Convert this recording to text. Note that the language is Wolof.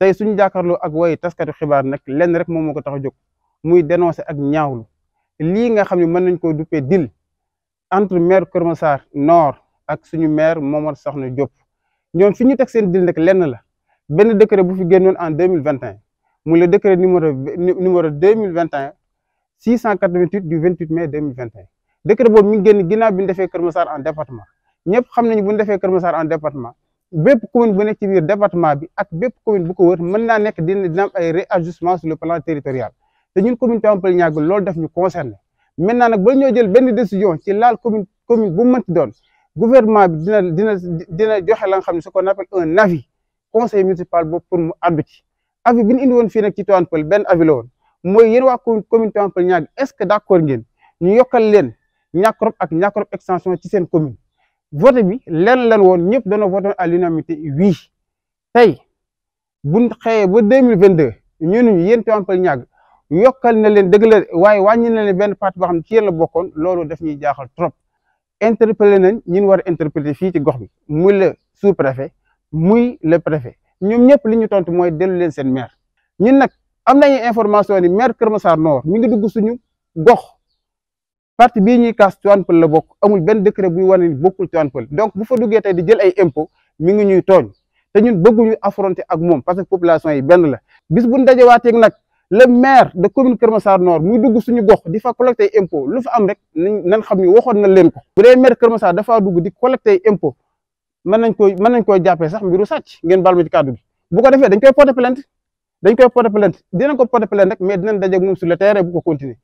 tey suñu jàkkaarloo ak way taskatu xibaar nag lenn rek moom moo ko tax a jóg muy dénoncer ak ñaawlu lii nga xam ne mën nañ koo duppee dil entre maire Kër Massar Nord ak suñu maire Momar Sokhna Diop ñoom fi ñu teg dil nag lenn la benn décret bu fi génnoon en deux mille vingt et un vingt et un boobu mi ngi génn ginnaaw bi ñu defee Kër Massar en département ñëpp xam nañu bu ñu defee Kër Massar en bépp commune bu nekk ci biir département bi ak bépp commune bu ko wër mën naa nekk dina dina am ay réajustement sur le plan territorial te ñun commune Tivaouane Peulh-Niaga loolu daf ñu concerné maintenant nag ba ñoo jël benn décision ci laal commune commune bu mu mënti doon gouvernement bi dina dina dina joxe la nga xam ne ce qu'on appelle un avis conseil municipal boobu pour mu àddu ci avis indi woon fii nag ci Tivaouane Peulh benn avis la woon mooy yéen waa commune commune Tivaouane Peulh-Niaga est-ce que d'accord ngeen ñu yokkal leen Niakrop ak Niakrop extension ci seen commune. vote bi lenn lan woon ñëpp dana voté à l'unanimité oui tay buñ xëyee ba 2022 mille vingt deux ñu ne ñu yéen Tivaouane na len dëgg la waaye wàññi na len ben parti bo xam ci yéen la bokkoon loolu daf ñuy jaaxal trop interpeller nañ ñun war interpeller fi ci gox bi muy le sous préfet muy le préfet ñom ñep li ñu tontu mooy dellu leen seen maire ñun nak am nañ information ni maire Kër Nord mi ngi dugg suñu gox. parti bii ñuy kaas Tivaouane Peulh la bokk amul benn décret buy wane ni bokkul Tivaouane Peulh donc bu fa duggee tey di jël ay impôt mi ngi ñuy tooñ te ñun bëgguñu affronter ak moom parce que population yi benn la bis bu ñu dajewaatee nag le maire de commune Kër Massar Nord muy dugg suñu gox di fa collecter impôt lu fa am rek nañ xam ni waxoon na leen ko bu dee maire Kër Massar dafaa dugg di collecter impôt mën nañ koy mën nañ koy jàppee sax mbiru sàcc ngeen baal ma ci kàddu gi bu ko defee dañ koy porter